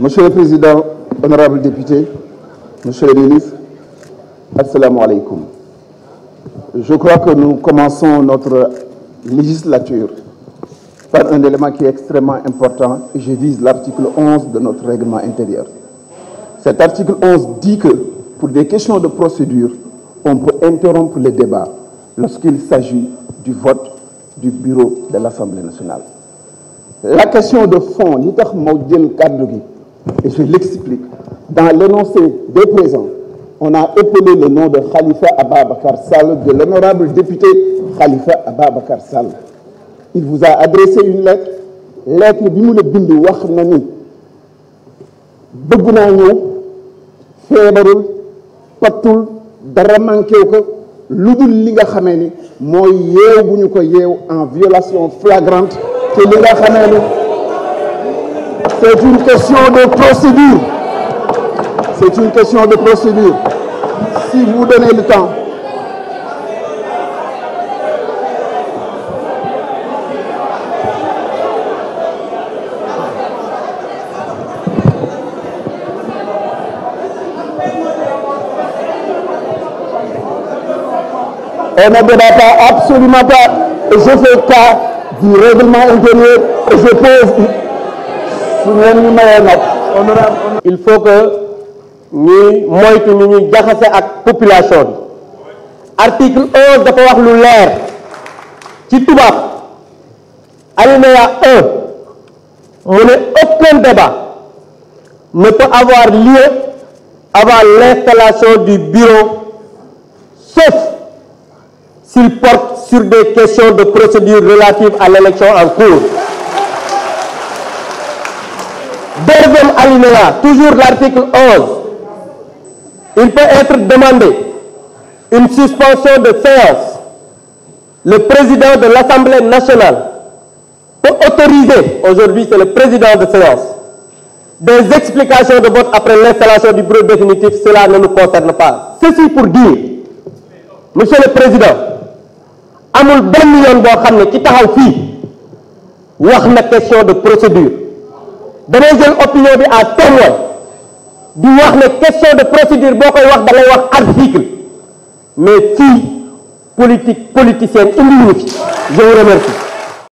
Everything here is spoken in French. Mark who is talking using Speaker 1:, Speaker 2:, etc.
Speaker 1: Monsieur le Président, honorables députés, Monsieur le Ministre, Assalamu alaikum. Je crois que nous commençons notre législature par un élément qui est extrêmement important et je vise l'article 11 de notre règlement intérieur. Cet article 11 dit que pour des questions de procédure, on peut interrompre le débat lorsqu'il s'agit du vote du bureau de l'Assemblée nationale. La question de fond, nous avons et je l'explique. Dans l'énoncé de présent on a appelé le nom de Khalifa Abba Bakar Sall, de l'honorable député Khalifa Abba Bakar Sall. Il vous a adressé une lettre, lettre Bimoule Bindu Wahnani. Begunanyo, Febarul, Patul, Daramankeoko, Ludul Liga Khameni, Moyew Bunyuko Yew en violation flagrante que Liga Khameni. C'est une question de procédure. C'est une question de procédure. Si vous donnez le temps,
Speaker 2: On ne débat pas, absolument pas. Je fais cas du règlement intérieur et je pose il faut que nous moytu ni la population article 11 de wax lu leer ci alinéa 1 on aucun débat ne peut avoir lieu avant l'installation du bureau sauf s'il porte sur des questions de procédure relatives à l'élection en cours toujours l'article 11, il peut être demandé une suspension de séance. Le président de l'Assemblée nationale peut autoriser, aujourd'hui c'est le président de séance, des explications de vote après l'installation du bureau définitif, cela ne nous concerne pas. Ceci pour dire, Monsieur le Président, amul Ben million question de procédure dans jël opinion bi à témoin di wax ne question de procédure boo koy wax da wax article mais si politique politicienne une je vous remercie